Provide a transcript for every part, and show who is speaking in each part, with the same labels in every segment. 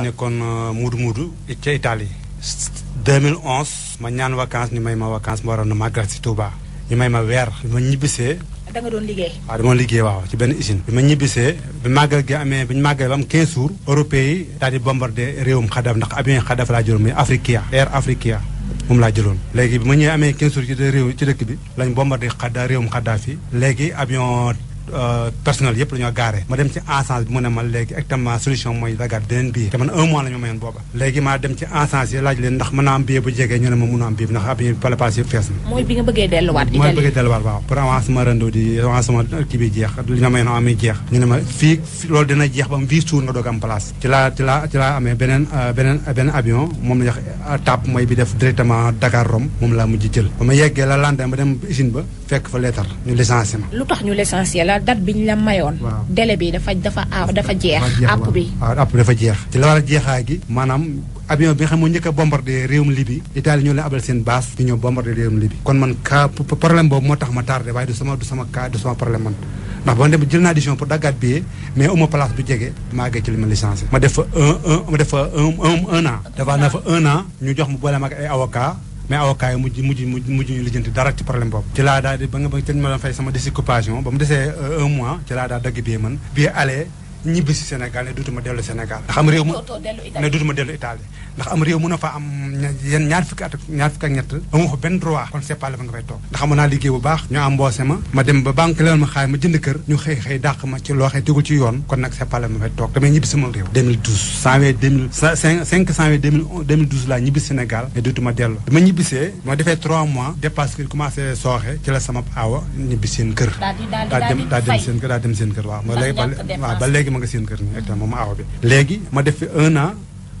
Speaker 1: nekkoon euh, Moodu Moodu ca Italie 2011 ma ñaan vacances ñu may ma vacances ma waroon na màggal si Touba ñu may ma weer bi ma ñibbisee
Speaker 2: da nga doon liggéey waaw dama liggéey
Speaker 1: waaw ci benn usine bi ma ñibbisee bi màggal gi amee bi ñu màggal ba am 15 jours européen yi daal di réewum xadaf ndax avion xadaf laa jëloon muy Afrikia Air Afrikia moom laa jëloon léegi bi ma ñëwee amee 15 jours ci réew ci dëkk bi lañ bombardé xadda réewum xaddaaf yi léegi avion Euh, personnel yëpp la ñoo gaare ma dem ci encense bi mu ne ma léegi exactement solution mooy ragal beneen billet te man un mois la ñu mayoon booba léegi maa dem ci encense yi laaj leen ndax mën naa am billet bu jegee ñu ne ma mënu am billet ndax ab pala yëpp fees na
Speaker 2: mooy bi nga bëggee delluwaat mooy
Speaker 1: delluwaat waaw pour avance ma di avance ma kii bi jeex li ñu mayoon amee jeex ñu ne ma fii loolu dina jeex ba am vii benen nga doog am place ci laa ci laa ci laa amee beneen euh, beneen beneen avion moom la TAP mooy bi def directement Dakar Rome moom laa mujj jël ba ma yeggee la lendemain ba dem usine ba fekk fa leetar ñu licencié
Speaker 2: ma la date bi ñu la mayoon. délai bi dafa dafa dafa jeex. app bi
Speaker 1: app dafa jeex. ci la war a jeexaay gi maanaam avion bi nga xam moo njëkk a bombardé réewum Libye Italie ñoo leen abal seen base ñu ñëw bombardé réewum Libye kon man cas problème boobu moo tax ma tardé waaye du sama du sama cas du sama problème man ndax ba dem jël naa décision pour daggaat billet mais uma place bu jege maa ngi ci li ma licencié ma def fa un un ma def fa un naa fa un an ñu jox mu boole ma ak mais avocat yi mujj mujj mujj ñu lijjanti dara ci problème boobu ci laa daal di ba nga ba te ma doon fay sama découpage ba mu desee euh, un mois ci laa daal dagg bii man bii ale ñibbi si Sénégal ne dootuma dellu Sénégal ndax am réew mu ne dootuma dellu Italie ndax am réew mën a fa am yenn ñaar fukki at ak ñaar fukki ak ñett fa benn droit kon c'est pas nga fay toog ndax amoon naa liggéey bu baax ñu embauché ma ma dem ba banque la ma xaay ma jënd kër ñu xëy xëy dàq ma ci loo xëy tegul ci yoon kon nag c'est pas la nga fay toog damay ñibbi sama réew 2012 janvier 2000 5 janvier 2012 laa ñibbi Sénégal ne dootuma dellu dama ñibbisee ma defee 3 mois ma nga seen kër nii actuellement ma awa bi léegi ma def fi un an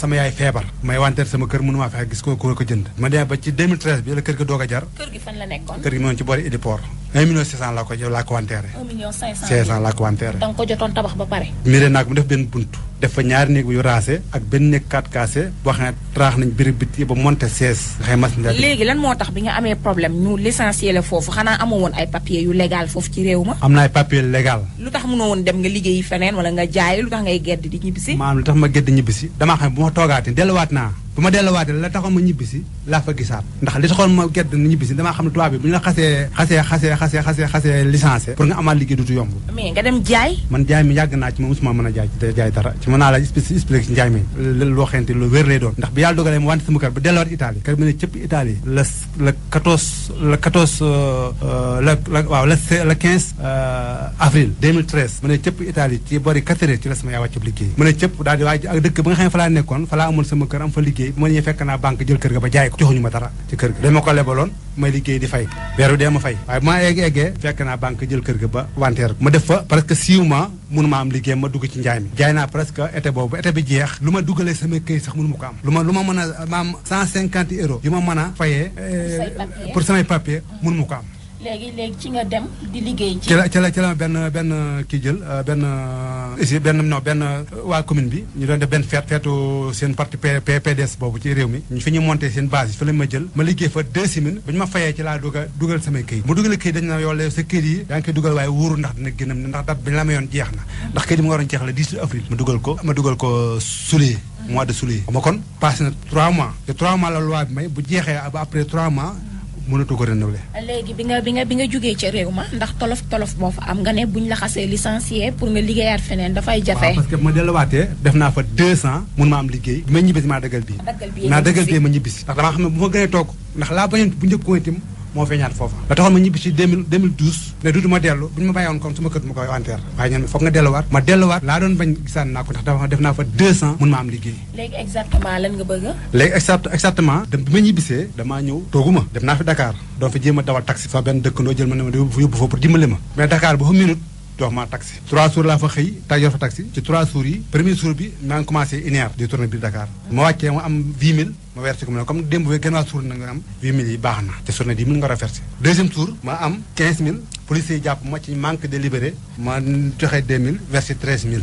Speaker 1: sama yaay feebar may wanteer sama kër mënu maa fexe gis ko ko jënd ma demee ba ci 2013 bi la kër gi doog a jar
Speaker 2: kër gi fan la nekkoon kër gi
Speaker 1: mu ci boori Idipor laa ko laa ko wanteere
Speaker 2: 1 million laa ko wanteere da ko jotoon tabax ba pare
Speaker 1: miree naa ko mu def benn bunt def fa ñaari néeg yu raase ak benn néeg quatre cassé boo xam traax nañ biri biti ba monte seize xëy mas léegi
Speaker 2: lan moo tax bi nga amee problème ñu licencié la foofu xanaa amoo woon ay papier yu légal foofu ci réew ma
Speaker 1: am na ay papier légal
Speaker 2: lu tax mënoo woon dem nga liggéeyi feneen wala nga jaay lu tax ngay gedd di ñibbisi maanaam
Speaker 1: lu tax ma gedd ñibbisi damaa xam ne bu ma toogaatee delluwaat naa bu ma delluwaatee la taxoon ma ñibbisi laa fa gisaat ndax li taxoon ma gedd na ñibbisi damaa xam ne tubaab bi bu ñu la xasee xasee xasee xasee xasee xasee licencié pour nga amaat liggéey dutu yomb
Speaker 2: mais nga dem jaay
Speaker 1: man jaay mi yàgg naa ci ma mosuma mën a jaay jaay dara ci mën naa la expliqué ci njaay mi loo xamante lu wér lay doon ndax bi yàlla dogalee ma wante sama kër ba delluwaat Italie kër bi ne la la la quatorze la euh, euh, la waaw la la quinze euh, avril ne cëpp Italie ci bori quatre ci la liggéey bu ma ñëwee fekk naa banque jël kër ga ba jaay ko joxuñu ma dara ci kër ga dañ ma ko lebaloon ma liggéey di fay weeru dee ma fay waaye bu ma egg eggee fekk naa banque jël kër ga ba wanteer ma def fa presque six mois mënu ma am liggéey ma dugg ci njaay mi jaay naa presque été boobu été bi jeex lu ma dugalee sama këy sax mënu ma ko am lu ma lu ma mën a ma am cent cinquante euros yu ma mën a fayee pour samay papier mënu ma ko am
Speaker 2: léegi léegi ci nga dem di liggéey. ci la ci
Speaker 1: la ci benn benn kii jël euh, benn euh, ici benn non benn euh, waa commune bi ñu doon def benn feet feetu seen parti PDS boobu ci réew mi fi ñu monté seen base yi fa lañ ma jël ma liggéey fa deux semaines ba ñu ma fayee ci laa dugal dugal samay këyit mu dugal këyit dañ na yow sa këyit yi yaa ngi koy dugal waaye wóoru ndax dina génn ndax date bi la ma jeex na ndax këyit yi mu waroon jeex la 18 avril ma ko ma dugal ko sulee mois de sulee ma kon passé na trois mois te trois mois la loi bu jeexee ba après trois mois mënatoo ko renouveler.
Speaker 2: léegi bi nga bi nga bi nga jógee ca réew ma ndax tolof tolof boo fa am nga ne buñ la xasee licencié pour nga liggéeyaat feneen dafay jafe. waaw parce
Speaker 1: que ma delluwaatee def naa fa 200 mun ma am liggéey bi ma ñibbisi maa dëggal bii. dëggal bii ma ñibbisi ndax damaa xam ne bu ma gënee toog ndax laa bañoon bu njëkkoon itam moo feeñaat foofa la taxoon ma ñibbi ci 2012 ne duudu ma dellu bu ñu ma bàyyoon kon su ma kër ma koy enterre waaye ñoom foog nga delluwaat ma delluwaat laa doon bañ gisaan naa ko ndax dafa def naa fa 200 mun ma am liggéey
Speaker 2: léegi exactement lan nga bëgg
Speaker 1: léegi exact exactement dem bi ma ñibbisee damaa ñëw toogu ma dem naa fi Dakar doon fi jéem a dawal taxi sama benn dëkkandoo jël ma ne ma yóbbu fa yóbbu fa pour dimbali ma mais Dakar bu fa minute doox maa taxi trois jours laa fa xëy ta yor fa taxi ci trois jours yi premier jour bi maa ngi commencé une heure di tourner biir Dakar ma wàccee ma am 10 000 ma versé ko mu ne comme démb bi gannaaw suur na nga am 8000 yi baax na te journée bi mën nga ko versé deuxième tour ma am 15000 policiers yi jàpp ma ci manque de libéré ma joxe 2000 versé 13000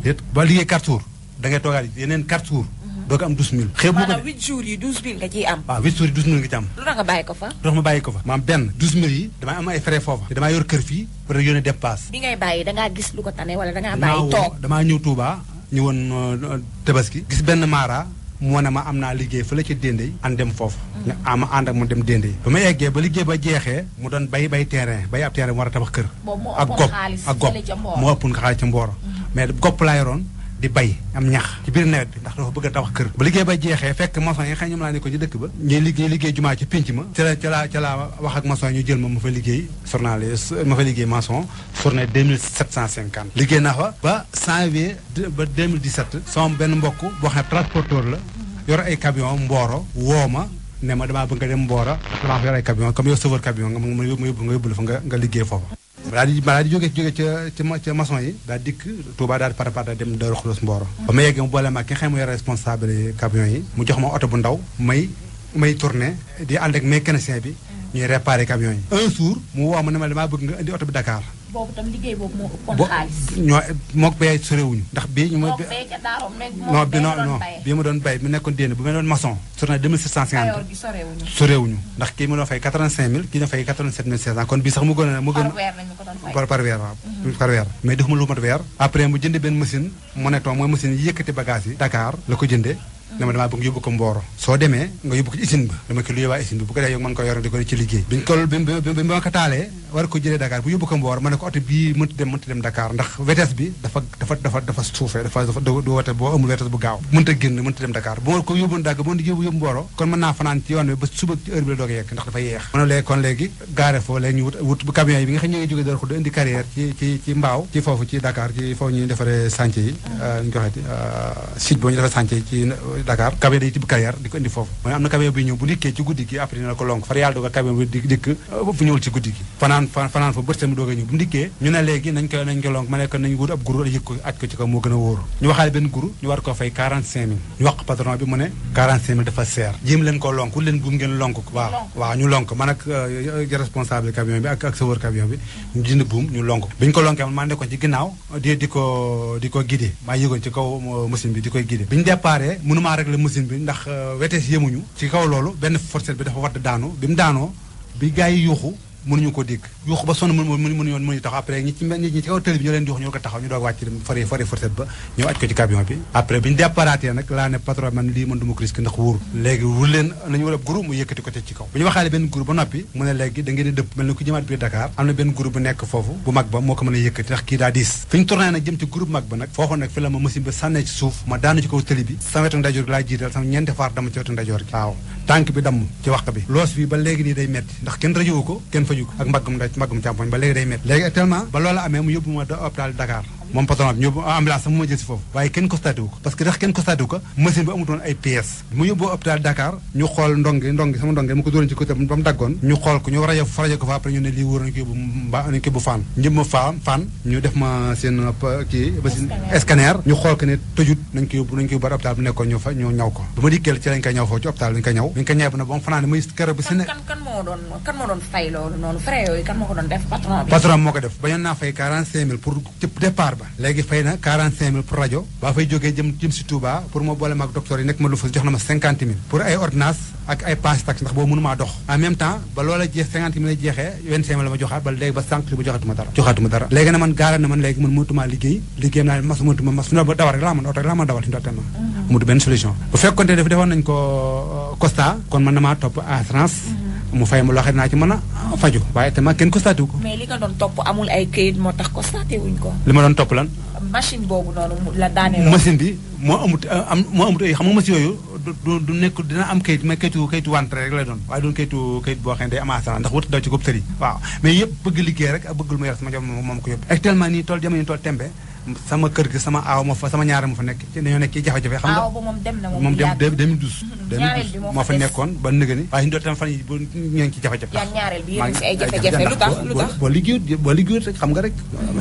Speaker 1: tamit. déet ba liggéey quatre jours da ngay toogaat yeneen quatre jours. Mhm. doo ko am douze mille. xew ma nga ciy am. waaw
Speaker 2: huit yi douze mille nga ci am. lu tax nga bàyyi ko fa. lu
Speaker 1: tax ma bàyyi ko fa. maam benn douze mille yi damay am ay frais foofa. te damaa yor kër fii pour yónnee dépasse.
Speaker 2: bi ngay bàyyi da gis lu ko tane wala da ngaa bàyyi toog.
Speaker 1: damaa ñëw Touba ñëwoon euh, Tabaski. gis benn maara mu ne ma am naa liggéey la ci Dendey an dem foofu ne ama ànd ak mu dem Dendey ba ma eggee ba liggéey ba jeexee mu doon bay bay terrain bay ab terrain mu war a tabax kër ak gopp ak gopp moo ëppoon xaalis ca mbooro mm-hmm. mais gopp laa yoroon di bay am ñax ci biir nawet bi ndax dafa bëgg a tabax kër ba liggéey ba jeexee fekk maçon yi xëy ñoom laa ne ko ci dëkk ba ñuy liggéey liggéey jumaa ci pinc ma ci la ci la wax ak maçon yi ñu jël ma ma fa liggéey journal ma fa liggéey maçon journée 2750 liggéey naa fa ba janvier ba 2017 sama benn mbokk boo xam ne transporteur la yor ay camion mbooro woo ma ne ma damaa bëgg nga dem mbooro damaa fa yor nga liggéey foofu daal di daal di jóge jóge ca ca ca yi daal dikk Touba daal di parapara dem Daaru Xudoos Mboro ba ma yeggee mu boole ma ki xam mooy responsable camion yi mu jox ma oto bu ndaw may may tourné di ànd ak mécanicien bi ñuy réparé camion yi un jour mu woo ma ne ma damaa bëgg nga indi oto bi dakaar
Speaker 2: boobu tam liggéey boobu moo ëppoon xaalis. ñoo
Speaker 1: moog bee sorewuñu ndax bii ñu. moog bee
Speaker 2: ca daaroom nekk moog bee non non
Speaker 1: ma doon bay mu nekkoon déedéet bu ma doon maçon. sur na 2650 kayoor gi
Speaker 2: sorewuñu. sorewuñu
Speaker 1: ndax kii ma doon fay 85000 kii doon fay 87500 kon bii sax mu gën a mu gën. par weer lañu ko doon fay par par weer waaw. Mhm. mais defuma lu mat weer. après mu jënd benn machine. monéton mooy machine yëkkati bagage yi. Dakar la ko jëndee. ndax dafa dafa mën naa fanaan ci yoon bi ba suba ci a yegg ndax dafa yeex ma ne léegi kon léegi gaare foo léegi ñu wut wut bu camion yi bi nga xam ñoo ngi jógee door xud indi carrière ci mbaaw ci foofu ci Dakar foofu ñuy defaree chantier yi ah. euh, ñu euh, boo ñu defaree chantier yi Dakar camion day di ko indi foofu mooy am na camion bi ñëw bu dikkee ci guddi gi après dina ko lonk far yàlla dogal camion bi dikk fu ñëwul ci guddi gi fanaan fa bërsami doog a ñëw mu dikkee a ñu waxaale benn guru ñu war koo fay 45 mille ñu wax patron bi mu ne 45 mille dafa seer jéem leen koo lonk wut leen buum ngeen lonk ko waaw waaw ñu lonk man ak euh, responsable camion bi ak ak chauffeur camion bi ñu dind buum ñu lonk bi ñu ko lonkee mënumaa régler machine bi ndax euh, wetees yemuñu ci kaw loolu benn fourchette bi dafa wadd daanu bi mu daanoo bi gars yi yuuxu mënuñu ko dégg yuux ba sonn mën mënuñu mënuñu taxaw après ñi ci kaw tëli bi ñoo leen di ñoo ko taxaw ñu doog wàcc fari fari forset ba ñëw aj ko ci camion bi après bi ñu déparaatee nag laa ne patron man lii man du ma ko risque ba nekk foofu nag fi la ma machine ba sànnee suuf ma daanu ci kaw tëli bi sama wetu ndajoor bi laa jiital sama ñeenti faar dama ci wetu ndajoor bi waaw tànk bi damm ci wax bi loos bi ba léegi nii day metti ndax kenn rajowu ko kenn faju ak mbaggum da mbaggum càmpoñ ba léegi day métti léegi tellement ba loola amee mu yóbbu ma hôpital Dakar mom patron ñu ñoo ambulance sax moo jël si foofu waaye kenn constaté wu ko parce que tax kenn constaté wu ko machine bi amutoon ay ps mu yóbboo hôpital Dakar ñu xool ndongi ndongi sama ndongi mu ko doon ci côté bam mu daggoon ñu xool ko ñu rajo rajo ko fa après ñu ne lii wóor ñu ko ba ñu nañ ko fan ñu ma fa fan ñu def ma seen kii machine scanner ñu xool ko ne tëjut nañ ko yóbbu nañ ko yóbbu ba hôpital bu nekkoon ñu fa ñu ñaw ko bu ma di kel ci lañ koy ñaw foofu ci hôpital lañ koy ñaw ñu ko ñaw na ba mu fanaane muy kër bu sene kan,
Speaker 2: kan, kan moo doon kan moo doon fay loolu noonu frais yooyu kan moo ko doon def patron bi patron
Speaker 1: moo ko def bañoon naa fay 45 000 pour départ ba léegi fay na 45000 pour rajo baa fay jógee jëm jëm si Touba pour ma boole ak docteur yi nekk ma lu fa jox na ma 50000 pour ay ordonnance ak ay passe tax ndax boobu mënu dox en même temps ba loola jeex 50000 lay jeexee ba léegi ba joxatuma dara joxatuma dara léegi na man gaara man léegi man mënutuma liggéey liggéey naa mas mënutuma mas su ba dawal laa mën oto rek laa mën dawal suñu tellement mm-hmm. amutu benn solution bu fekkoonte def defoon mu fay ma loo xam naa ci man a faju waaye tamit kenn ko.
Speaker 2: mais topp amul ay kayit moo tax constaté ko.
Speaker 1: li ma doon topp lan.
Speaker 2: machine boobu noonu la daaneel. machine
Speaker 1: bi moo amut euh, am moo amut ay xam nga machine yooyu du nekk dina am kayit mais kayitu kayitu wantre rek lay doon waaye doon kayitu kayit boo xam day am assurance ndax wut daw ci góob sëriñ. waaw mais yëpp bëgg liggéey rek ak bëggul ma yor sama jom moom ko yóbbu. actuellement nii tool jamono tool tembe sama kër gi sama aaw ma fa sama ñaar ma fa nekk ci dañoo nekk ci jafe-jafe xam nga
Speaker 2: moom dem 2012
Speaker 1: 2012 moo fa nekkoon ba nëgë ni waaye ñu doon tam fan yi bu ñu ngi ci jafe-jafe boo liggéeyut boo liggéeyut rek xam nga rek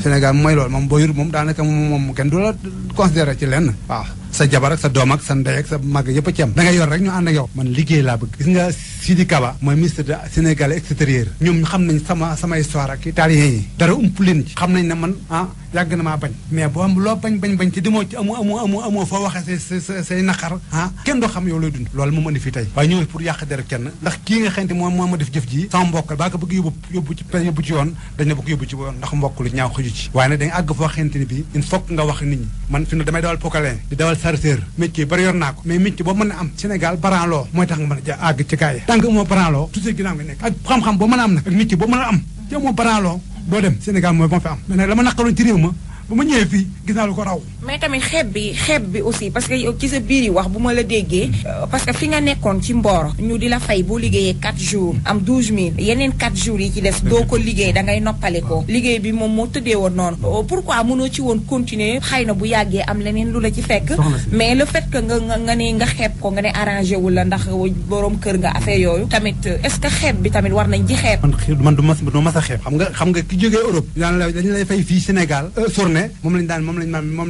Speaker 1: Sénégal mooy lool moom boo yor moom daanaka moom kenn du la considéré ci lenn waaw sa jabar ak sa dom ak sa nday ak sa mag yëpp ci am da nga yor rek ñu ànd ak yow man liggéey laa bëgg gis nga Sidi Kaba mooy ministre de Sénégal extérieur ñoom xam nañ sama sama histoire ak italien yi dara ump leen ci xam nañ ne man ah yàgg na maa bañ mais boo am loo bañ bañ bañ ci demoo ci amu amu amu amu foo waxee say say say naqar ah kenn doo xam yow looy dund loolu moom andi fi tey waaye ñëw pour yàq dara kenn ndax kii nga xamante moom moo ma def jëf ji sama mbokk baa ko bëgg yóbbu yóbbu ci yóbbu ci yoon dañ la bëgg yóbbu ci yoon ndax mbokk lu ñaaw xëju ci waaye nag dañ àgg foo xamante ni bi il faut nga wax nit ñi man fi ne damay dawal pokale di dawal sa charretier métier bari yor naa ko mais métier boo mën a am Sénégal parent loo mooy tax nga mën a àgg ci kaay tant que loo tout ce ginnaaw nga nekk xam-xam boo mën a am nag ak métier boo mën am te moo parent loo doo dem Sénégal mooy boo fi am mais nag la ma ma
Speaker 2: bu ma ñëwee fii gis naa lu ko raw. mais tamit xeeb bi xeeb bi aussi parce que ci sa biir yi wax bu ma la déggee. Euh, parce que fi nga nekkoon ci mbooro. ñu di la fay boo liggéeyee 4 jours am 12000 yeneen 4 jours yi ci des doo ko liggéey da ngay noppale ko. liggéey bi moom moo tëddee woon noonu. Euh, pourquoi mënoo ci woon continuer xëy na bu yàggee am leneen lu la ci fekk. mais le fait que nga nga nga ne nga xeeb ko nga ne arrangé wu la ndax borom kër nga affaire yooyu. tamit euh, est-ce que xeeb bi tamit war nañ ci xeeb.
Speaker 1: man man du ma du ma sa xeeb. xam nga xam nga ki jógee Europe. dañ lay fay fii Sénégal tourné mais moom lañ daan moom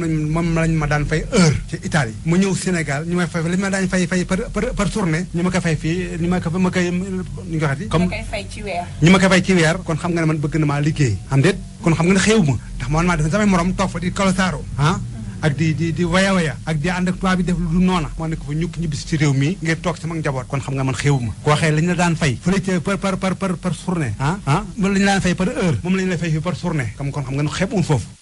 Speaker 1: lañ heure ci Italie mu ñëw Sénégal ñu ma daan fay ma na maa liggéey am daan fay par par par par par journée ah, ah, lañu daan fay par heure moom lañu la fay fii par journée kon xam nga nu xeeb un foofu